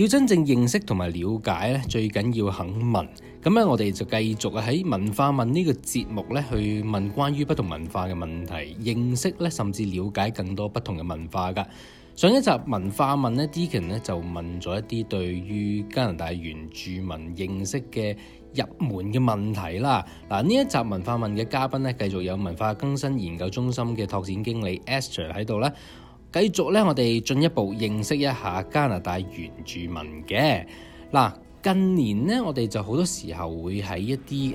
要真正認識同埋了解咧，最緊要肯問。咁咧，我哋就繼續喺文化問呢個節目咧，去問關於不同文化嘅問題，認識咧甚至了解更多不同嘅文化噶。上一集文化問咧，Deakin 咧就問咗一啲對於加拿大原住民認識嘅入門嘅問題啦。嗱，呢一集文化問嘅嘉賓咧，繼續有文化更新研究中心嘅拓展經理 Esther 喺度咧。繼續咧，我哋進一步認識一下加拿大原住民嘅嗱。近年咧，我哋就好多時候會喺一啲誒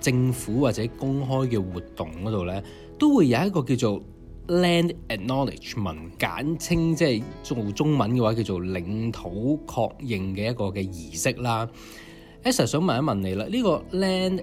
政府或者公開嘅活動嗰度咧，都會有一個叫做 Land Acknowledgement，簡稱即係做中文嘅話叫做領土確認嘅一個嘅儀式啦。Esther 想問一問你啦，呢個 Land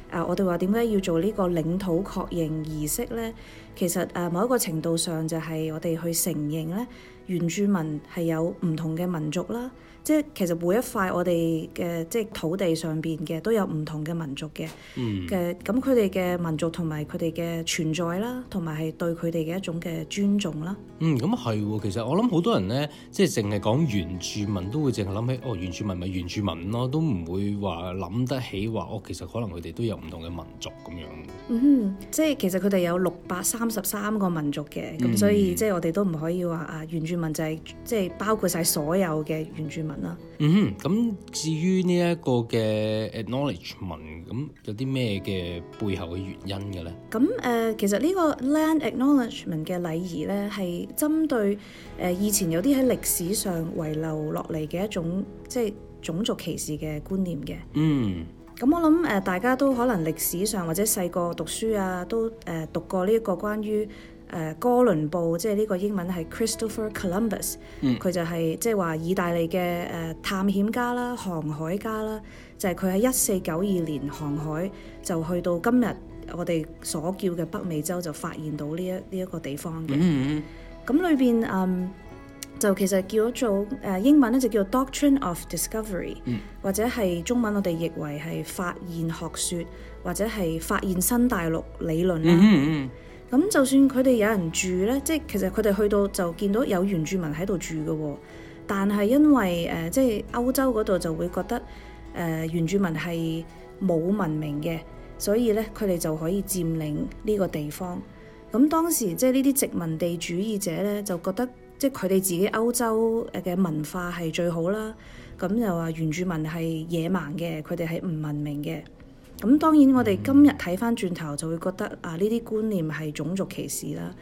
啊！我哋話點解要做呢個領土確認儀式呢？其實誒、啊、某一個程度上就係我哋去承認咧，原住民係有唔同嘅民族啦。即係其實每一塊我哋嘅即土地上邊嘅都有唔同嘅民族嘅。嘅咁佢哋嘅民族同埋佢哋嘅存在啦，同埋係對佢哋嘅一種嘅尊重啦。嗯，咁係喎。其實我諗好多人呢，即係淨係講原住民都會淨係諗起哦，原住民咪原住民咯，都唔會話諗得起話哦，其實可能佢哋都有。唔同嘅民族咁樣，嗯哼，即係其實佢哋有六百三十三個民族嘅，咁、嗯、所以即係我哋都唔可以話啊，原住民就係即係包括晒所有嘅原住民啦。嗯哼，咁至於呢一個嘅 acknowledgement，咁有啲咩嘅背後嘅原因嘅咧？咁誒、呃，其實呢個 land acknowledgement 嘅禮儀咧，係針對誒、呃、以前有啲喺歷史上遺留落嚟嘅一種即係、就是、種族歧視嘅觀念嘅。嗯。咁我諗誒、呃，大家都可能歷史上或者細個讀書啊，都誒、呃、讀過呢一個關於誒、呃、哥倫布，即係呢個英文係 Christopher Columbus，佢、mm. 就係、是、即係話意大利嘅誒、呃、探險家啦、航海家啦，就係佢喺一四九二年航海就去到今日我哋所叫嘅北美洲，就發現到呢一呢一、個地方嘅。咁、mm-hmm. 裏邊嗯。就其實叫做誒、呃、英文咧，就叫做 Doctrine of Discovery、嗯、或者係中文我哋譯為係發現學説，或者係發現新大陸理論啦、啊。咁、嗯嗯、就算佢哋有人住呢，即係其實佢哋去到就見到有原住民喺度住嘅、哦，但係因為誒、呃、即係歐洲嗰度就會覺得誒、呃、原住民係冇文明嘅，所以呢，佢哋就可以佔領呢個地方。咁當時即係呢啲殖民地主義者呢，就覺得。即係佢哋自己歐洲嘅文化係最好啦，咁又話原住民係野蠻嘅，佢哋係唔文明嘅。咁當然我哋今日睇翻轉頭就會覺得啊，呢啲觀念係種族歧視啦。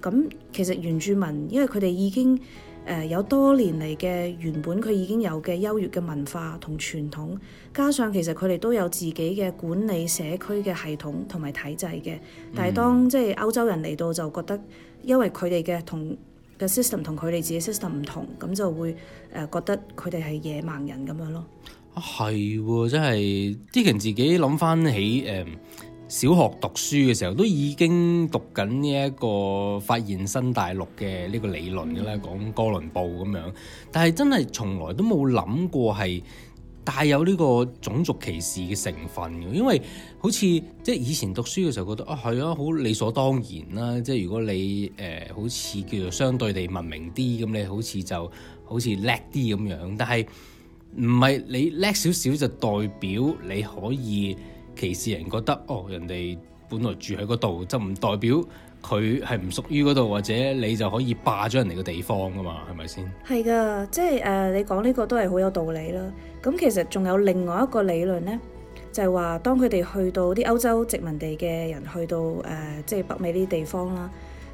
咁其實原住民因為佢哋已經誒有多年嚟嘅原本佢已經有嘅優越嘅文化同傳統，加上其實佢哋都有自己嘅管理社區嘅系統同埋體制嘅。但係當即係歐洲人嚟到就覺得，因為佢哋嘅同個 system 同佢哋自己 system 唔同，咁就會誒覺得佢哋係野蠻人咁樣咯。啊，係喎，真係 Deakin 自己諗翻起誒、嗯、小學讀書嘅時候，都已經讀緊呢一個發現新大陸嘅呢個理論嘅啦、嗯，講哥倫布咁樣。但係真係從來都冇諗過係。帶有呢個種族歧視嘅成分嘅，因為好似即係以前讀書嘅時候覺得哦，係啊好理所當然啦，即係如果你誒、呃、好似叫做相對地文明啲咁，你好似就好似叻啲咁樣。但係唔係你叻少少就代表你可以歧視人，覺得哦，人哋本來住喺嗰度就唔代表，佢係唔屬於嗰度，或者你就可以霸咗人哋個地方噶嘛？係咪先？係噶，即係誒，uh, 你講呢個都係好有道理啦。咁其實仲有另外一個理論呢，就係話當佢哋去到啲歐洲殖民地嘅人去到誒，uh, 即係北美呢啲地方啦。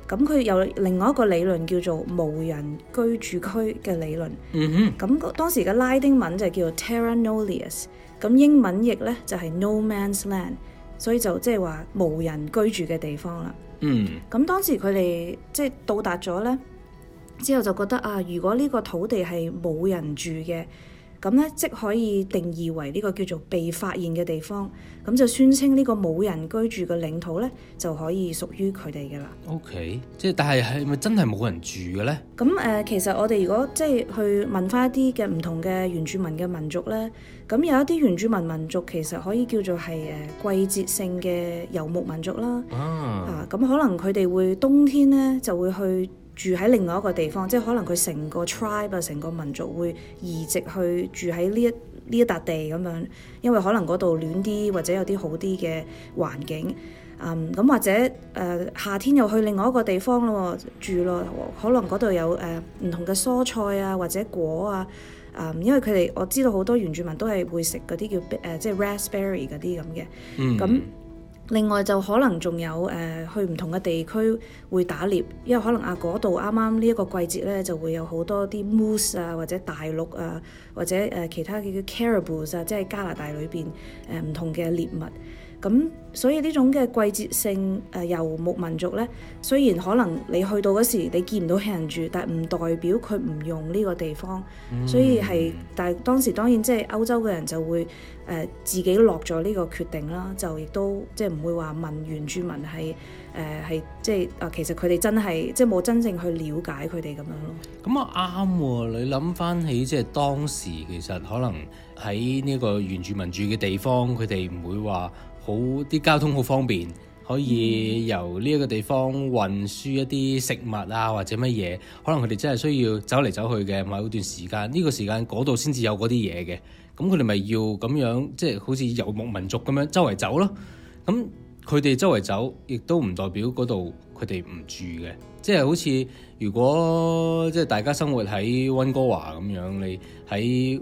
咁佢有另外一個理論叫做無人居住區嘅理論。咁、mm-hmm. 當時嘅拉丁文就叫做 Terra Nullius，咁英文譯呢就係 no man's land，所以就即係話無人居住嘅地方啦。嗯，咁當時佢哋即係到達咗呢，之後就覺得啊，如果呢個土地係冇人住嘅。咁咧，即可以定義為呢個叫做被發現嘅地方，咁就宣稱呢個冇人居住嘅領土咧，就可以屬於佢哋嘅啦。O、okay. K，即係但係係咪真係冇人住嘅咧？咁誒、呃，其實我哋如果即係去問翻一啲嘅唔同嘅原住民嘅民族咧，咁有一啲原住民民族其實可以叫做係誒季節性嘅遊牧民族啦。Ah. 啊，咁可能佢哋會冬天咧就會去。住喺另外一個地方，即係可能佢成個 tribe 啊，成個民族會移植去住喺呢一呢一笪地咁樣，因為可能嗰度暖啲，或者有啲好啲嘅環境。嗯，咁或者誒、呃、夏天又去另外一個地方咯，住咯，可能嗰度有誒、呃、唔同嘅蔬菜啊，或者果啊。啊、嗯，因為佢哋我知道好多原住民都係會食嗰啲叫誒、呃、即係 raspberry 嗰啲咁嘅。Mm. 嗯。另外就可能仲有誒、呃、去唔同嘅地區會打獵，因為可能啊嗰度啱啱呢一個季節咧就會有好多啲 moose 啊，或者大鹿啊，或者誒、呃、其他嘅叫 caribou 啊，即、就、係、是、加拿大裏邊誒唔同嘅獵物。咁所以呢種嘅季節性誒遊牧民族咧，雖然可能你去到嗰時你見唔到人住，但唔代表佢唔用呢個地方，嗯、所以係但係當時當然即係歐洲嘅人就會誒、呃、自己落咗呢個決定啦，就亦都即係唔會話問原住民係誒係即係啊，其實佢哋真係即係冇真正去了解佢哋咁樣咯。咁啊啱喎，你諗翻起即係、就是、當時其實可能喺呢個原住民住嘅地方，佢哋唔會話。好啲交通好方便，可以由呢一個地方運輸一啲食物啊，或者乜嘢？可能佢哋真係需要走嚟走去嘅，某段時間。呢個時間嗰度先至有嗰啲嘢嘅，咁佢哋咪要咁樣，即係好似游牧民族咁樣周圍走咯。咁佢哋周圍走，亦都唔代表嗰度佢哋唔住嘅，即係好似如果即係大家生活喺溫哥華咁樣，你喺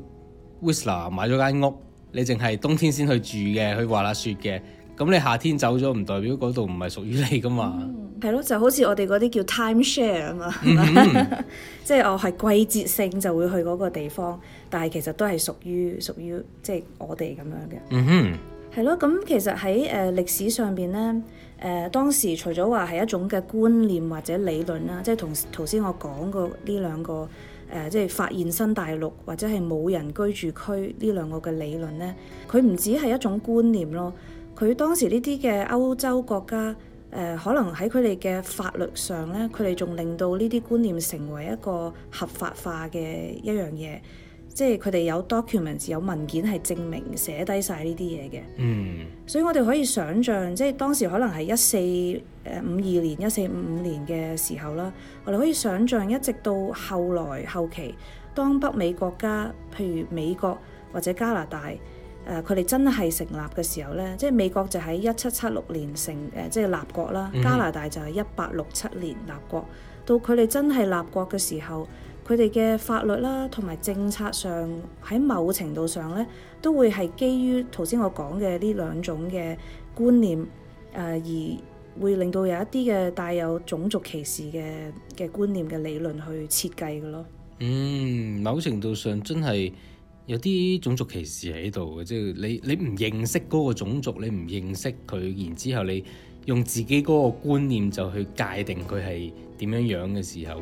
Whistler 買咗間屋。你淨係冬天先去住嘅，去滑下雪嘅，咁你夏天走咗，唔代表嗰度唔係屬於你噶嘛？係、嗯、咯，就好似我哋嗰啲叫 time share 啊嘛，即、嗯、係、嗯、 我係季節性就會去嗰個地方，但係其實都係屬於屬於即係、就是、我哋咁樣嘅。嗯哼、嗯，係咯，咁其實喺誒歷史上邊咧，誒、呃、當時除咗話係一種嘅觀念或者理論啦，即、就、係、是、同頭先我講過呢兩個。誒即係發現新大陸或者係冇人居住區呢兩個嘅理論呢，佢唔止係一種觀念咯，佢當時呢啲嘅歐洲國家誒，可能喺佢哋嘅法律上呢，佢哋仲令到呢啲觀念成為一個合法化嘅一樣嘢。即係佢哋有 document 有文件係證明寫低晒呢啲嘢嘅，mm. 所以我哋可以想象，即係當時可能係一四誒五二年、一四五五年嘅時候啦。我哋可以想象一直到後來、後期，當北美國家，譬如美國或者加拿大，誒佢哋真係成立嘅時候呢，即係美國就喺一七七六年成誒即係立國啦，加拿大就係一八六七年立國，到佢哋真係立國嘅時候。佢哋嘅法律啦，同埋政策上喺某程度上咧，都會係基於頭先我講嘅呢兩種嘅觀念，誒，而會令到有一啲嘅帶有種族歧視嘅嘅觀念嘅理論去設計嘅咯。嗯，某程度上真係有啲種族歧視喺度嘅，即係你你唔認識嗰個種族，你唔認識佢，然之後你用自己嗰個觀念就去界定佢係點樣樣嘅時候，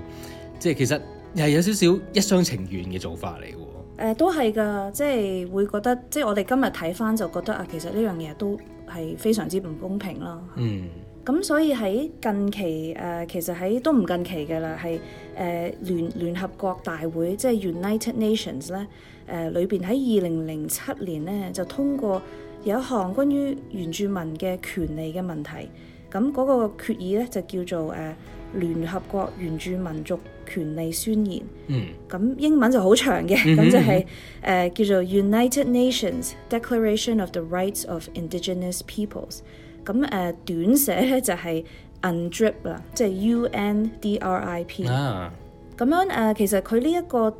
即係其實。又係有少少一廂情願嘅做法嚟喎。誒、呃，都係㗎，即係會覺得，即係我哋今日睇返就覺得啊，其實呢樣嘢都係非常之唔公平咯。嗯。咁所以喺近期誒、呃，其實喺都唔近期嘅啦，係誒、呃、聯聯合國大會，即係 United Nations 咧誒裏邊喺二零零七年咧就通過有一項關於原住民嘅權利嘅問題。咁嗰個決議咧就叫做誒、啊、聯合國原住民族權利宣言。嗯。咁英文就好長嘅，咁、嗯、就係、是、誒、啊、叫做 United Nations Declaration of the Rights of Indigenous Peoples。咁誒短寫咧就係 UNDRIP 啦，即係 U N D R I P。啊。咁、就是啊、樣誒、啊，其實佢呢一個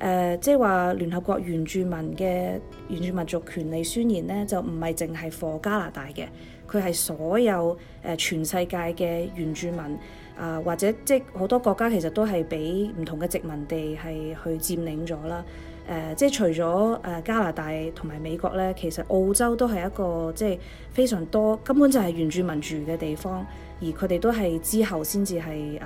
誒，即係話聯合國原住民嘅原住民族權利宣言咧，就唔係淨係 for 加拿大嘅。佢係所有誒全世界嘅原住民啊，或者即係好多國家，其實都係俾唔同嘅殖民地係去佔領咗啦。誒、呃，即係除咗誒、呃、加拿大同埋美國咧，其實澳洲都係一個即係非常多根本就係原住民住嘅地方，而佢哋都係之後先至係誒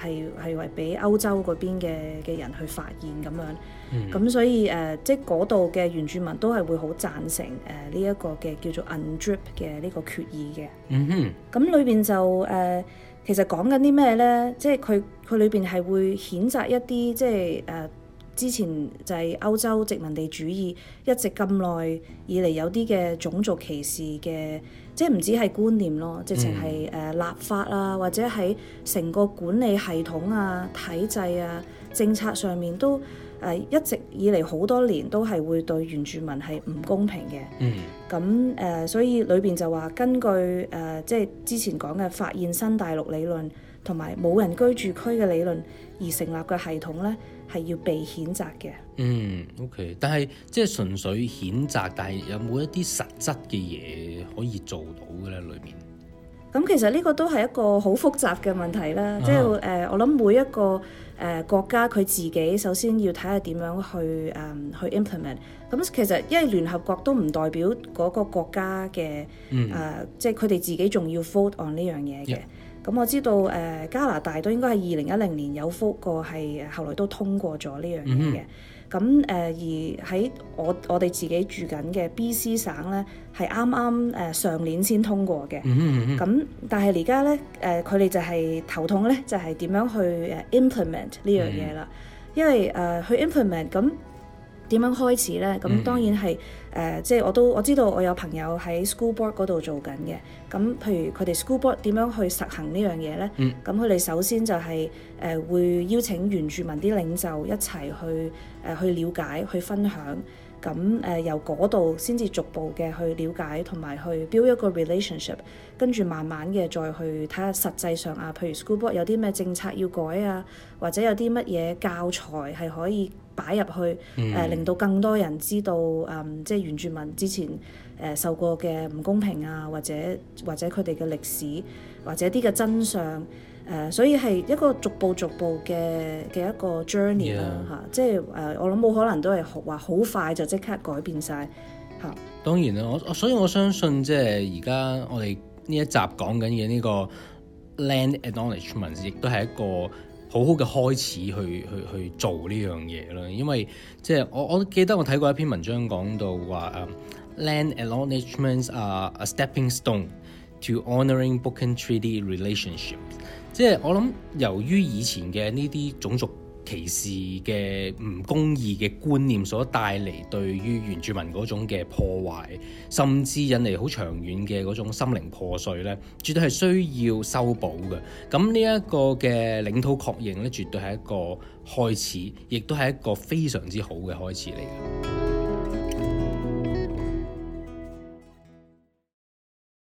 係係為俾歐洲嗰邊嘅嘅人去發現咁樣。咁、嗯、所以誒、呃，即係嗰度嘅原住民都係會好贊成誒呢一個嘅叫做 UNDRIP 嘅呢個決議嘅。嗯哼。咁裏邊就誒、呃，其實講緊啲咩咧？即係佢佢裏邊係會譴責一啲即係誒。呃之前就係歐洲殖民地主義一直咁耐以嚟有啲嘅種族歧視嘅，即係唔止係觀念咯，直情係誒立法啊、嗯，或者喺成個管理系統啊、體制啊、政策上面都。一直以嚟好多年都係會對原住民係唔公平嘅。嗯。咁誒、呃，所以裏邊就話根據誒，即、呃、係、即係、之前講嘅發現新大陸理論同埋冇人居住區嘅理論而成立嘅系統呢，係要被譴責嘅。嗯，OK 但，但係即係純粹譴責，但係有冇一啲實質嘅嘢可以做到嘅咧？裏面？咁其實呢個都係一個好複雜嘅問題啦，即係誒，我諗每一個誒、呃、國家佢自己首先要睇下點樣去誒、嗯、去 implement。咁其實因為聯合國都唔代表嗰個國家嘅誒，即係佢哋自己仲要 vote on 呢樣嘢嘅。咁、嗯嗯、我知道誒、呃、加拿大都應該係二零一零年有 vote 過，係後來都通過咗呢樣嘢嘅。嗯咁誒、呃、而喺我我哋自己住緊嘅 B.C 省呢，係啱啱上年先通過嘅。咁、mm-hmm. 但係而家呢，佢、呃、哋就係頭痛呢就係、是、點樣去 implement 呢樣嘢啦。Mm-hmm. 因為、呃、去 implement 咁。點樣開始呢？咁當然係誒、mm. 呃，即係我都我知道我有朋友喺 School Board 嗰度做緊嘅。咁譬如佢哋 School Board 點樣去實行呢樣嘢呢？咁佢哋首先就係、是、誒、呃、會邀請原住民啲領袖一齊去誒、呃、去了解去分享。咁誒、呃、由嗰度先至逐步嘅去了解同埋去 build 一個 relationship，跟住慢慢嘅再去睇下實際上啊，譬如 School Board 有啲咩政策要改啊，或者有啲乜嘢教材係可以擺入去誒、嗯啊，令到更多人知道誒、嗯，即係原住民之前誒、呃、受過嘅唔公平啊，或者或者佢哋嘅歷史或者啲嘅真相。誒，所以係一個逐步逐步嘅嘅一個 journey 啦嚇，即係誒，我諗冇可能都係學話好快就即刻改變曬嚇。當然啦，我我所以我相信即係而家我哋呢一集講緊嘅呢個 land acknowledgements 亦都係一個好好嘅開始去去去做呢樣嘢啦，因為即係我我記得我睇過一篇文章講到話誒 land acknowledgementsare a stepping stone to honouring broken treaty relationships。即係我諗，由於以前嘅呢啲種族歧視嘅唔公義嘅觀念所帶嚟對於原住民嗰種嘅破壞，甚至引嚟好長遠嘅嗰種心靈破碎咧，絕對係需要修補嘅。咁呢一個嘅領土確認咧，絕對係一個開始，亦都係一個非常之好嘅開始嚟嘅。